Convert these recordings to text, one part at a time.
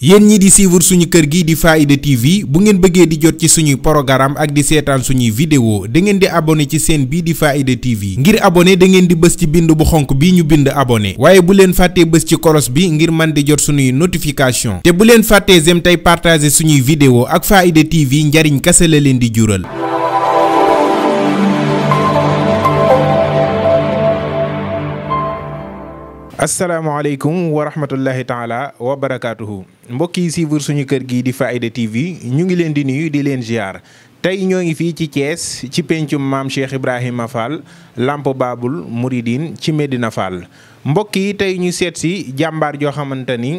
yéen ñi di suivre suñu kër gi di Faaida TV bu ngeen bëggee di jot ci suñuy programme ak di seetaan suñuy vidéo da ngeen di abonné ci seen bii di Faaida TV ngir abonné da ngeen di bës ci bind bu xonk bi ñu bind abonné waaye bu leen fàttee bës ci kolos bi ngir man di jot suñuy notification te bu leen fàttee zem tey partagé suñuy vidéo ak Faaida TV njariñ kase la leen di jural asalaamaaleykum wa rahmatullahi taala wa barakaatuhu mbokk yi suivre suñu kër gii di Faaida TV ñu ngi leen di nuyu di leen ziar tey ñoo ngi fii ci Thiès ci pencum maam Cheikh Ibrahima Fall Lamp Baabul Mouridine ci Medina Fall mbokk yi tey ñu seet si jàmbaar joo xamante ni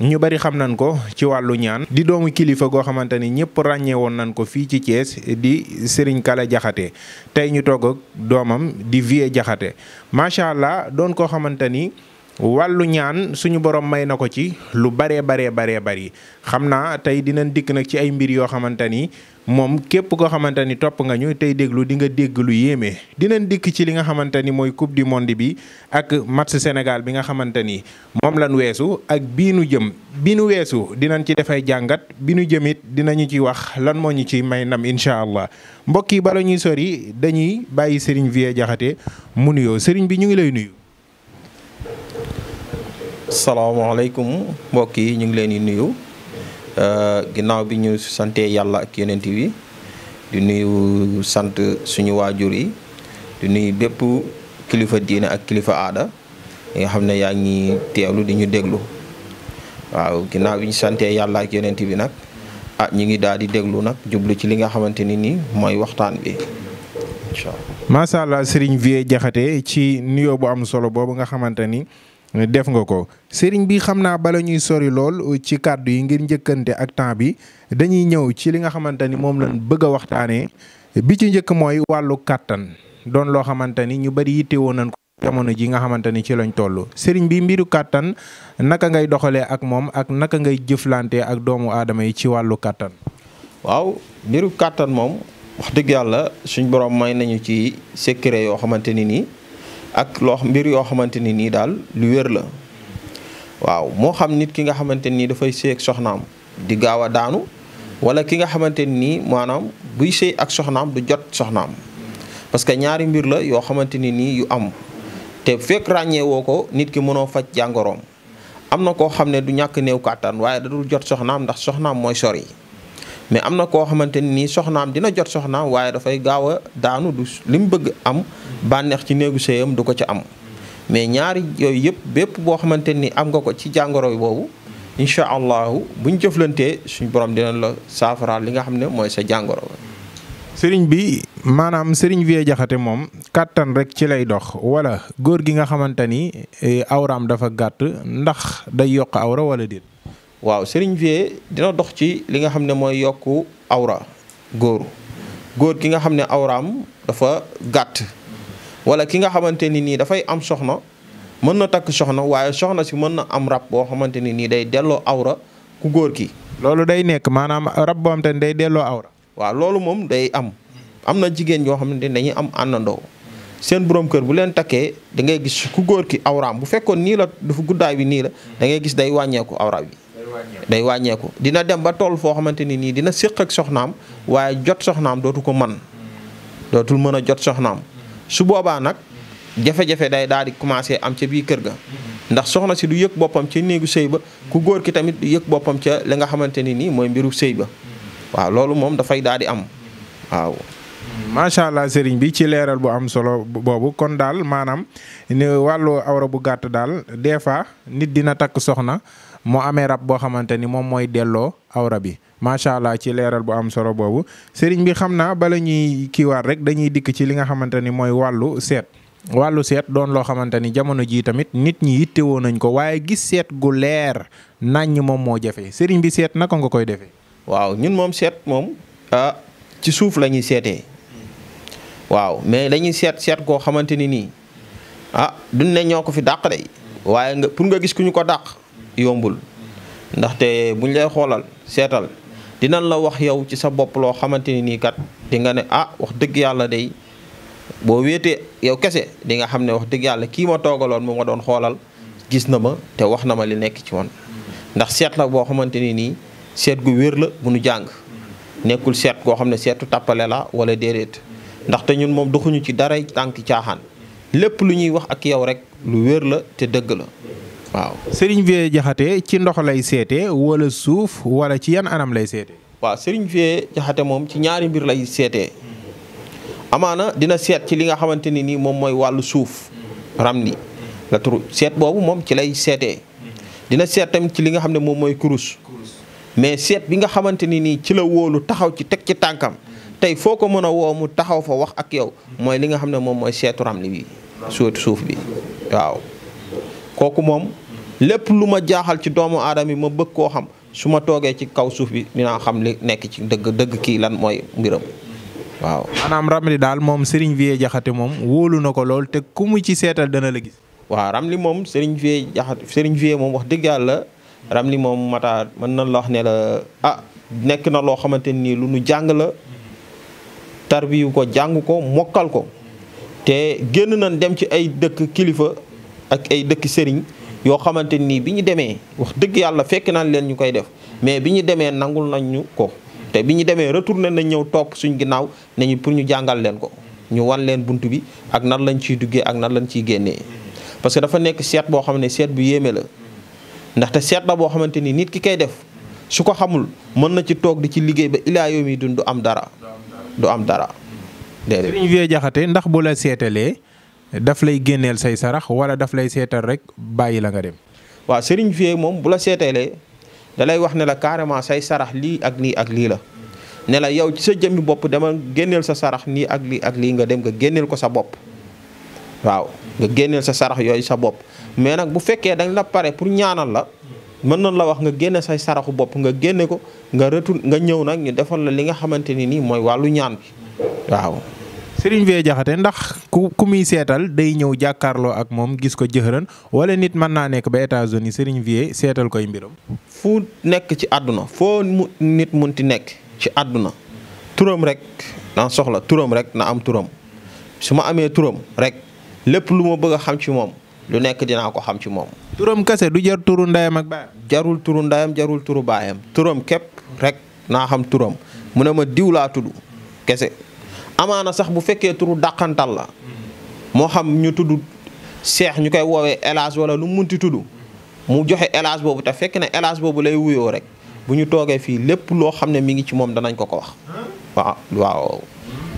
ñu bari xam nañ ko ci wàllu ñaan di doomu kilifa goo xamante ni ñëpp ràññee woon nañ ko fii ci Thiès di Serigne Kala Jaxate tey ñu toog ak doomam di Vieux Jaxate macha allah doon koo xamante ni. wàllu ñaan suñu borom may na ko ci lu baree baree baree bari xam naa tey dinañ dikk nag ci ay mbir yoo xamante ni moom képp koo xamante ni topp nga ñu tey déglu di nga dégg lu yéeme. dinañ dikk ci li nga xamante ni mooy coupe du monde ak match Sénégal bi nga xamante ni moom lan weesu ak bii nu jëm bi nu weesu dinañ ci defay jàngat bi nu jëmit dinañu ci wax lan moo ñu ci may ndam incha allah mbokk yi bala ñuy sori dañuy bàyyi Serigne Vieux Diakhaté mu nuyoo Serigne bi ñu ngi lay nuyu. salaamaaleykum mbokk yi ñu ngi leen di nuyu euh, ginnaaw bi ñu sante yàlla ak yenent bi di nuyu sant suñu waajur yi di nuyu bépp kilifa diine ak kilifa aada nga xam ne yaa ngi teewlu di ñu déglu waaw ginnaaw bi ñu sante yàlla yenent bi nag ah ñu ngi daal di déglu nag jublu ci li nga xamante ni nii mooy waxtaan bi incha allah. macha allah ci nuyoo bu am solo boobu nga xamante ni. def nga ko sëriñ bi xam naa bala ñuy sori lool ci kàddu yi ngir njëkkante ak temps bi dañuy ñëw ci li nga xamante ni moom lañu bëgg a waxtaanee bi ci njëkk mooy wàllu kàttan doon loo xamante ni ñu bëri yittewoo nañ ko jamono ji nga xamante ni ci lañ toll. sëriñ bi mbiru kàttan naka ngay doxalee ak moom ak naka ngay jëflante ak doomu aadama yi ci wàllu kàttan. waaw mbiru kàttan moom wax dëgg yàlla suñ borom may nañu ci secret yoo xamante ni nii. ak loo mbir yoo xamante ni nii daal lu wér la waaw moo xam nit ki nga xamante nii dafay sëy ak soxnaam di gaaw a daanu wala ki nga xamante nii maanaam buy sëy ak soxnaam du jot soxnaam parce que ñaari mbir la yoo xamante ni nii yu am te fekk ràññee ko nit ki mënoo faj jàngoroom am na koo xam ne du ñàkk néew kàttan waaye da jot soxnaam ndax soxnaam mooy sor yi mais am na koo xamante nii soxnaam dina jot soxnaam waaye dafay gaaw a daanu du li bëgg am bànneex ci néegu séyam du ko ci am mais ñaari yooyu yëpp bépp boo xamante ni am nga ko ci jàngoro boobu incha allahu buñ jëflantee suñ borom dina la saafaraal li nga xam ne mooy sa jàngoro sëriñ bi maanaam sëriñ Vieux Diakhaté moom kàttan rek ci lay dox wala góor gi nga xamante ni eh, awraam dafa gàtt ndax day yokk awra wala déet waaw sëriñ vie dina dox ci li nga xam ne mooy yokku awra góor góor ki nga xam ne awraam dafa gàtt wala ki nga xamante ni nii dafay am soxna mën na takk soxna waaye soxna si mën na am rab boo xamante ni nii day delloo awra ku góor ki. loolu day nekk maanaam rab boo xamante ni day delloo awra. waaw loolu moom day am am na jigéen yoo xamante ni dañuy am àndandoo seen borom kër bu leen takkee da ngay gis ku góor ki awraam bu fekkoon nii la dafa guddaay bi nii la da ngay gis day wàññeeku awra bi. day wàññeeku dina dem ba toll foo xamante ni nii dina séq ak soxnaam waaye jot soxnaam dootu ko man dootul mën a jot soxnaam su boobaa nag jafe-jafe day daal di commencé am ca biir kër ga ndax soxna si du yëg boppam ca néegu sëy ba ku góor ki tamit du yëg boppam ca li nga xamante ni nii mooy mbiru sëy ba waaw loolu moom dafay daal di am waaw macha allah sëriñ bi ci leeral bu am solo boobu kon daal maanaam ni wàllu awra bu gàtt daal des fois nit dina takk soxna mu amee rab boo xamante ni moom mooy delloo awra bi macha allah ci leeral bu am solo boobu sëriñ bi xam naa bala ñuy kiiwaat rek dañuy dikk ci li nga xamante ni mooy wàllu seet. wàllu seet doon loo xamante ni jamono jii tamit nit ñi yittewoo nañ ko waaye gis seet gu leer ñi moom moo jafe sëriñ bi seet naka nga koy defee. waaw ñun moom seet moom ah, ci suuf la ñuy seetee waaw mais lañuy seet seet goo xamante ni nii ah duñ ne ñoo ko fi dàq de waaye nga pour nga gis ku ñu ko dàq yombul ndaxte buñ lay xoolal seetal dinañ la wax yow ci sa bopp loo xamante ni nii kat di nga ne ah wax dëgg yàlla day boo wéetee yow kese di nga xam ne wax dëgg yàlla kii ma toogaloon mu ma doon xoolal gis na ma te wax na ma li nekk ci woon ndax seet la boo xamante ni nii seet gu wér la bu nu jàng nekkul seet goo xam ne seetu tàppale la wala déedéet ndaxte ñun moom doxuñu ci dara tànk caaxaan lépp lu ñuy wax ak yow rek lu wér la te dëgg la waaw. sëriñ Vieux Diakhaté ci ndox lay seete wala suuf wala ci yan anam lay seete. waaw Serigne Vieux jaxate moom ci ñaari mbir lay seetee amaana dina seet ci li nga xamante ni nii moom mooy wàllu suuf ramli la turu seet boobu moom ci lay seetee dina seet tamit ci li nga xam ne moom mooy kurus mais seet bi nga xamante ni nii ci la woolu taxaw ci teg ci tànkam. tey foo ko mën a woo mu taxaw fa wax ak yow mooy li nga xam ne moom mooy seetu ramli bi suutu suuf bi waaw kooku moom lépp lu ma jaaxal ci doomu aadama yi ma bëgg koo xam su ma toogee ci kaw suuf bi dinaa xam li nekk ci dëgg dëgg kii lan mooy mbiram waaw maanaam ramli daal moom Serigne Vieux Diakhaté moom wóolu na ko lool te ku mu ci seetal dana la gis moom Serigne Vieux Diakhaté Serigne moom wax dëgg yàlla ramli moom mataar mën na la wax ne la ah nekk na loo xamante nii lu nu jàng la tarbiyu ko jàng ko mokkal ko te génn nañ dem ci ay dëkk kilifa ak ay dëkk sëriñ yoo xamante nii bi ñu demee wax dëgg yàlla fekk nañ leen ñu koy def mais bi ñu demee nangul nañ ñu ko te bi ñu demee retourné na ñëw topp suñ ginnaaw ne ñu pour ñu jàngal leen ko ñu wan leen bunt bi ak nan lañ ciy duggee ak nan lañ ciy génnee parce que dafa nekk seet boo xam ne seet bu yéeme la ndaxte seet la boo xamante ni nit ki koy def su ko xamul mën na ci toog di ci liggéey ba dund am dara du am dara. déedéet Serigne Vieux Diakhaté ndax bu la seetalee daf lay génneel say sarax wala daf lay seetal rek bàyyi la nga dem. waaw Serigne Vieux moom bu la seetalee da lay wax ne la carrément say sarax lii ak lii ak lii la. ne la yow ci sa jëmmi bopp dama génneel sa sarax nii ak lii ak lii nga dem nga génneel ko sa bopp waaw nga génneel sa sarax yooyu sa bopp mais nag bu fekkee dañ la pare pour ñaanal la mën nañ la wax nga génne say saraxu bopp nga génne ko nga retour nga ñëw nag ñu defal la li nga xamante ni nii mooy wàllu ñaan bi waaw. Serigne Vieux Diakhaté ndax ku ku muy seetal day ñëw jàkkaarloo ak moom gis ko jëxëran wala nit mën naa nekk ba États-Unis Serigne Vieux seetal koy mbiram. fu nekk ci àdduna foo mu nit munti nekk ci àdduna turam rek na soxla turam rek na am turam su ma amee turam rek lépp lu ma bëgg xam ci moom. lu nekk dinaa ko xam ci moom. turam kese du jar turu ndayam ak baayam. jarul turu jarul turu baayam turam képp rek naa xam turam mu ne ma diw laa tudd kese amaana sax bu fekkee turu dàqantal la moo xam ñu tudd seex ñu koy woowee élage wala lu munti tuddu mu joxe élage boobu te fekkee na élage boobu lay wuyoo rek bu ñu toogee fii lépp loo xam ne mi ngi ci moom danañ ko ko wax ah. waaw.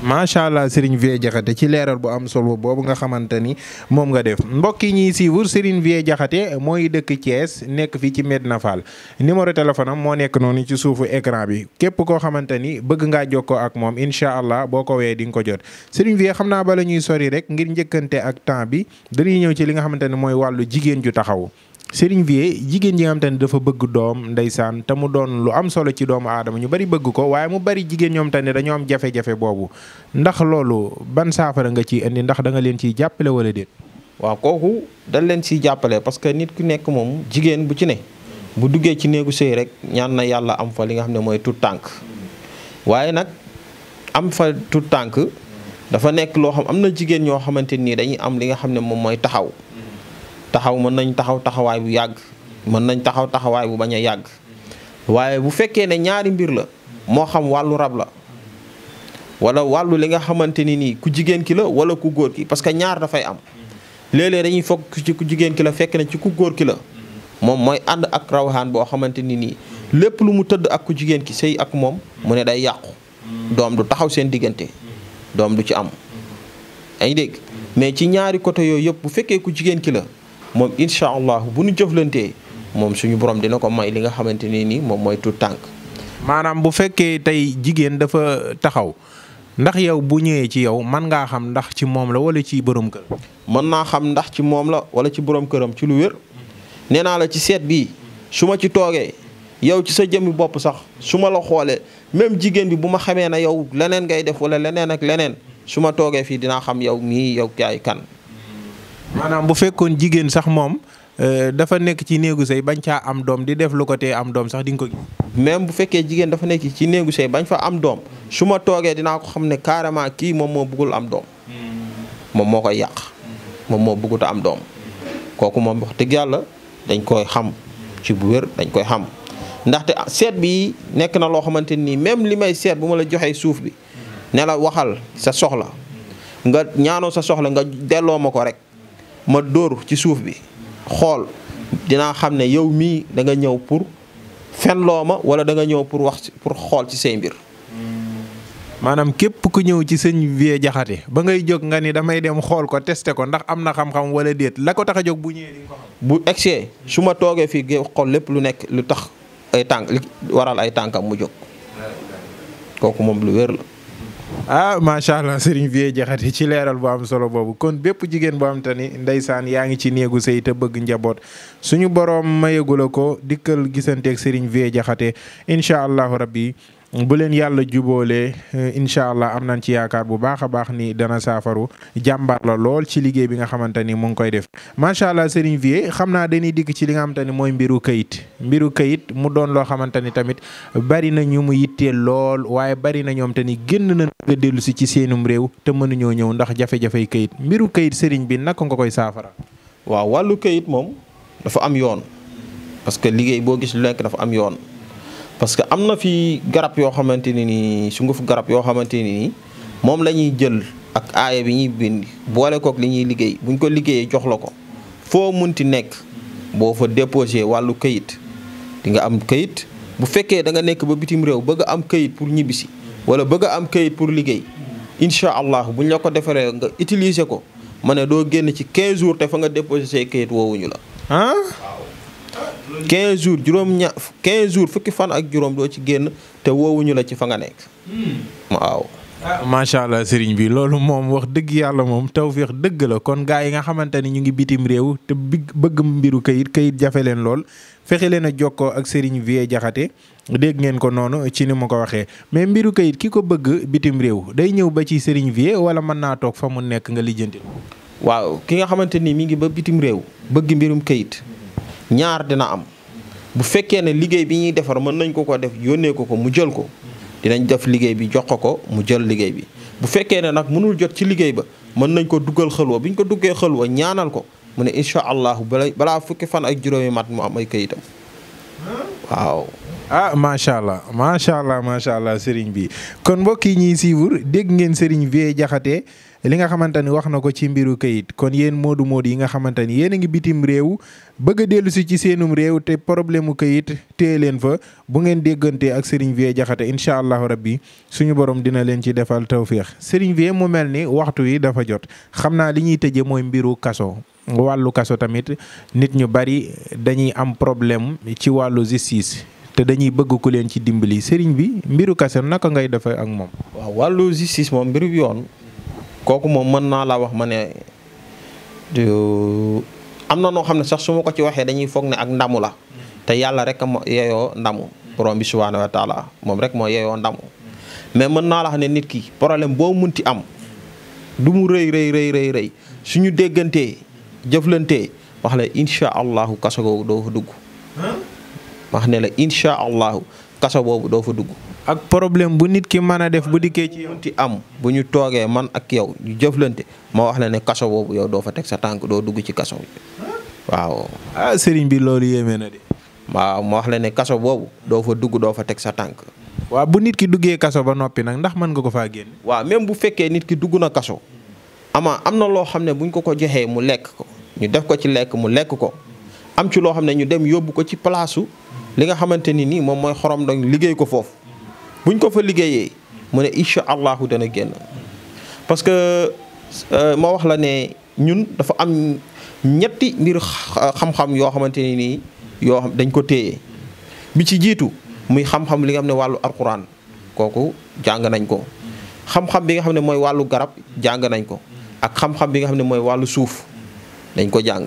macha allah Serigne Vieux Diakhaté ci leeral bu am solo boobu nga xamante ni moom nga def mbokk yi ñuy suivre Serigne Vieux Diakhaté mooy dëkk Thiès nekk fii ci Medina Fall numéro téléphone am moo nekk noonu ci suufu écran bi képp koo xamante ni bëgg ngaa ko ak moom incha allah boo ko wee di nga ko jot Serigne Vieux xam naa bala ñuy sori rek ngir njëkkante ak temps bi dañuy ñëw ci li nga xamante ne mooy wàllu jigéen ju taxaw Serigne Vier jigéen ji nga xam te ne dafa bëgg doom ndeysaan te mu doon lu am solo ci doomu aadama ñu bari bëgg ko waaye mu bari jigéen ñoom te ne dañoo am jafe boobu ndax loolu ban saafara nga ciy indi ndax da leen ciy jàppale wala déet. waaw kooku dañ leen ciy jàppale parce que nit ku nekk moom jigéen bu ci ne bu duggee ci néegu sëy rek ñaan na yàlla am fa li nga xam ne mooy tout tànk waaye nag am fa tout tànk dafa nekk loo xam am na jigéen ñoo xamante nii dañuy am li nga xam ne moom mooy taxaw. taxaw mën nañ taxaw taxawaay bu yàgg mën nañ taxaw taxawaay bu bañ a yàgg waaye bu fekkee ne ñaari mbir la moo xam wàllu rab la wala wàllu li nga xamante ni nii ku jigéen ki la wala ku góor ki parce que ñaar dafay am léeg dañuy foog ci ku jigéen ki la fekk na ci ku góor ki la moom mooy ànd ak rawxaan boo xamante ni nii lépp lu mu tëdd ak ku jigéen ki sëy ak moom mu ne day yàqu doom du taxaw seen diggante doom du ci am ay ngi dégg mais ci ñaari côté yooyu yëpp bu fekkee ku jigéen ki la moom incha allah bu ñu jëflantee moom suñu borom dina ko may li nga xamante ne nii moom mooy tànk. maanaam bu fekkee tey jigéen dafa taxaw ndax yow bu ñëwee ci yow man ngaa xam ndax ci moom la wala ci borom kër. mën naa xam ndax ci moom la wala ci borom këram ci lu wér nee naa la ci seet bii su ma ci toogee yow ci sa jëmmi bopp sax su ma la xoolee même jigéen bi bu ma xamee ne yow leneen ngay def wala leneen ak leneen su ma toogee fii dinaa xam yow mii yow kaay kan. maanaam bu fekkoon jigéen sax moom euh, dafa nekk ci néegu sëy bañ caa am doom di def am doom sax di nga ko gis. même bu fekkee jigéen dafa nekk ci néegu sëy bañ fa am doom su ma toogee dinaa ko xam ne carrément kii moom moo bëggul am doom hmm. moom moo koy yàq moom moo bëggut am doom kooku moom wax dëgg yàlla dañ koy xam ci bu wér dañ koy xam ndaxte seet bi nekk na loo xamante nii même li may seet bu ma la joxee suuf bi ne la waxal sa soxla nga ñaanoo sa soxla nga delloo ma ko rek ma dóor ci suuf bi xool dinaa xam ne yow mii da nga ñëw pour fenloo ma wala da nga ñëw pour wax pour xool ci say mbir. maanaam képp ku ñëw ci sëñ Vieux Diakhaté ba ngay jóg nga ni damay dem xool ko testé ko ndax am na xam-xam wala déet la ko tax a jóg bu ñëwee di ko xam. bu egsee su ma toogee fii nga xool lépp lu nekk lu tax ay tànk li waral ay tànkam mu jóg kooku moom lu wér la. ah macha allah Serigne Vieux Diakhaté ci leeral bu am solo boobu kon bépp jigéen boo am te ni ndeysaan yaa ngi ci néegu sëy te bëgg njaboot suñu borom mayegu la ko dikkal gisanteeg Serigne Vieux Diakhaté incha allahu rabbi bu leen yàlla juboolee euh, incha allah am nañ ci yaakaar bu baax a baax ni dana saafaru jàmbaar la lool ci liggéey bi nga xamante ni mu ngi koy def macha allah Serigne Vier xam naa dañuy dikk ci li nga xamante ni mooy mbiru kayit mbiru kayit mu doon loo xamante ni tamit bari na ñu mu yitteel lool waaye bari na ñoom te ni génn na nga dellu si ci seenum réew te mënuñoo ñëw ndax jafe-jafey kayit mbiru kayit sëriñ bi nakk nga koy saafara. waaw wàllu kayit moom dafa am yoon parce que liggéey boo gis lu nekk dafa yoon. parce que am na fi garab yoo xamante ne nii sunguf garab yoo xamante ne nii moom la ñuy jël ak aaya bi ñuy bind boole kook li ñuy liggéey buñ ko liggéeyee jox la ko foo munti nekk boo fa déposé wàllu kayit di nga am kayit bu fekkee da nga nekk ba bitim réew bëgg am kayit pour ñibbisi wala bëgg am kayit pour liggéey incha allah ñu la ko defaree nga utiliser ko ma ne doo génn ci 15 jours te fa nga déposé say kayit woowuñu la 15 jours juróom-ña 15 jours fukki fan ak juróom doo ci génn te wowuñu la ci fa nga nekk. Hmm. waaw. Ah, macha allah sëriñ bi loolu moom wax dëgg yàlla moom tawféex dëgg la kon gaa yi nga xamante ni ñu ngi bitim réew te bëgg mbiru kayit kayit jafe leen lool fexe leen a jokkoo ak sëriñ Vieux Jaxate dégg ngeen ko noonu ci ni ma ko waxee mais mbiru kayit ki ko bëgg bitim réew day ñëw ba ci sëriñ Vieux wala mën naa toog fa mu nekk nga lijjanti. waaw ki nga xamante ni mi ngi ba bitim réew bëgg mbirum kayit. ñaar dina am bu fekkee ne liggéey bi ñuy defar mën nañu ko ko def yónnee ko ko mu jël ko dinañ def liggéey bi jox ko ko mu jël liggéey bi bu fekkee ne nag mënul jot ci liggéey ba mën nañ ko duggal xëlwa bi ñu ko duggee xël xëlwa ñaanal ko mu ne incha allahu balaa fukki fan ak juróomi mat mu am ay këyitam waaw ah macha allah macha allah macha allah sëriñ bi kon mbokk yi ñuy suivre dégg ngeen sëriñ Vieux Diakhaté li nga xamante ni wax na ko ci mbiru kayit kon yéen moodu moodu yi nga xamante ni yéen a ngi bitim réew bëgg a dellu si ci seenum réew te problème mu kayit téye leen fa bu ngeen déggante ak sëriñ bi jaxate incha allahu rabbi suñu borom dina leen ci defal tawféex sëriñ Vieux mu mel ni waxtu yi dafa jot xam naa li ñuy tëjee mooy mbiru kaso. wàllu kaso tamit nit ñu bari dañuy am problème ci wàllu justice. te dañuy bëgg ko leen ci dimbali sëriñ bi mbiru Kassé naka ngay defee ak moom. waaw wàllu justice moom mbiru yoon kooku moom mën naa laa wax ma ne am na noo xam ne sax su ma ko ci waxee dañuy foog ne ak ndamu la te yàlla rek ma yeyoo ndamu borom bi subhaanahu wa moom rek moo yeyoo ndamu mais mën naa la wax ne nit ki problème boo munti am du mu rëy rëy rëy rëy rëy suñu déggantee jëflantee wax la incha allahu kaso googu doo fa dugg wax ne la incha allahu kaso boobu doo fa dugg. ak problème bu nit ki mën a def bu dikkee ci yow. ti am bu ñu toogee man ak yow ñu jëflante ma wax la ne kaso boobu yow doo fa teg sa tànk doo dugg ci kaso waaw. ah sëriñ bi loolu yéeme na de. waaw ma wax la ne kaso boobu doo fa dugg doo fa teg sa tànk. waaw bu nit ki duggee kaso ba noppi nag ndax mën nga ko faa génn waaw même bu fekkee nit ki dugg na kaso. ama am na loo xam ne buñ ko ko joxee mu lekk ko ñu def ko ci lekk mu lekk ko am ci loo xam ne ñu dem yóbbu ko ci palaasu li nga xamante ni nii moom mooy xorom dong liggéey ko foofu buñ ko fa liggéeyee mu ne incha allahu dana génn parce que euh, ma wax la ne ñun dafa am ñetti mbir xam-xam yoo xamante ni nii yoo xam dañ ko téye bi ci jiitu muy xam-xam li nga xam ne wàllu alquran kooku jàng nañ ko xam-xam bi nga xam ne mooy wàllu garab jàng nañ ko ak xam-xam bi nga xam ne mooy wàllu suuf dañ ko jàng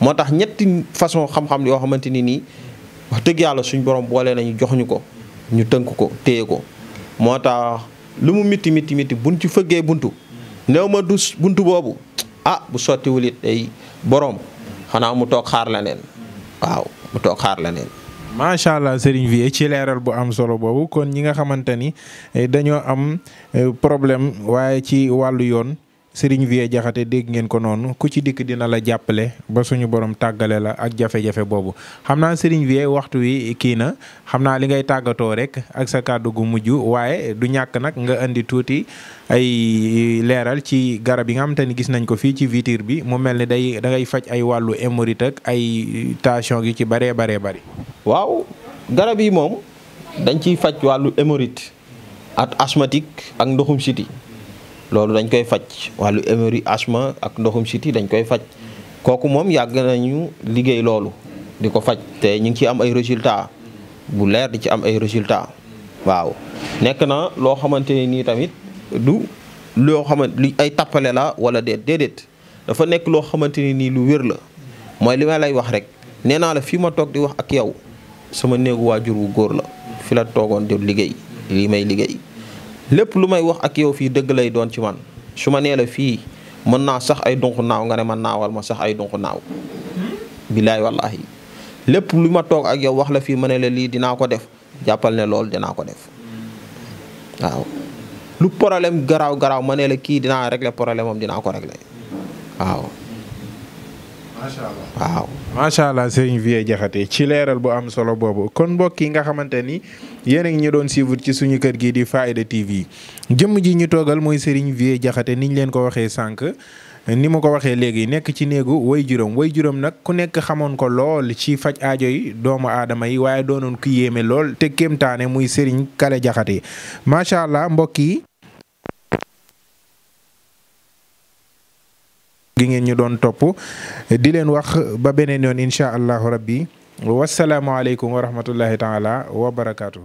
moo tax ñetti façon xam-xam yoo xamante ni nii wax dëgg yàlla suñ borom boole nañu jox ñu ko ñu tënk ko téye ko moo tax lu mu mitti miti miti ci fëggee buntu néew ma du buntu boobu ah bu sottiwul it day borom xanaa mu toog xaar la neen waaw mu toog xaar la neen macha allah Serigne Vieux ci leeral bu am solo boobu kon ñi nga xamante ni eh, dañoo am eh, problème waaye ci wàllu yoon Serigne Vieux Jaxate dégg ngeen ko noonu ku ci dikk dina la jàppale ba suñu borom tàggale la ak jafe-jafe boobu xam naa Serigne Vieux waxtu wi kii na xam naa li ngay tàggatoo rek ak sa kàddu gu mujj waaye du ñàkk nag nga indi tuuti ay leeral ci garab yi nga xamante ni gis nañ ko fii ci vitre bi mu mel ni day da faj ay wàllu hémorroïde ak ay tension gi ci baree baree bari. waaw yi moom dañ ciy faj wàllu hémorroïde ak asthmatique ak ndoxum siti loolu dañ koy faj wàllu émeri asthme ak ndoxum siti dañ koy faj kooku moom yàgg nañu liggéey loolu di ko faj te ñu ngi ciy am ay résultat bu leer di ci am ay résultat waaw nekk na loo xamante nii tamit du loo xamante li ay tappale la wala déet déedéet dafa nekk loo xamante ne nii lu wér la mooy li ma lay wax rek nee naa la fii ma toog di wax ak yow sama néegu waajur wu góor la fi la toogoon di liggéey lii may liggéey lépp lu may wax ak yow fii dëgg lay doon ci man su ma nee la fii mën naa sax ay dunq naaw nga ne ma naawal ma sax ay dunq naaw bilaay wallahi lépp lu ma toog ak yow wax la fii ma ne la lii dinaa ko def jàppal ne loolu dinaa ko def waaw lu problème garaaw garaaw ma ne la kii dinaa régler problème am dinaa ko régler waaw waaw macha allah sëriñ Vieux Diakhaté ci leeral bu am solo boobu kon mbokk yi nga xamante ni yéen a ñu doon suivre ci suñu kër gi di Faaida TV jëmm ji ñu toogal muy sëriñ Vieux Diakhaté niñ leen ko waxee sànq. ni ma ko waxee léegi nekk ci néegu way juróom way juróom nag ku nekk xamoon ko lool ci faj aajo yi doomu aadama yi waaye doonoon ku yéeme lool te kéemtaane muy sëriñ Kale Diakhaté macha allah mbokk yi gi ngeen ñu doon topp di leen wax ba beneen yoon incha allahu rabbi wasalaamualeykum wa rahmatullahi taala wa barakaatu.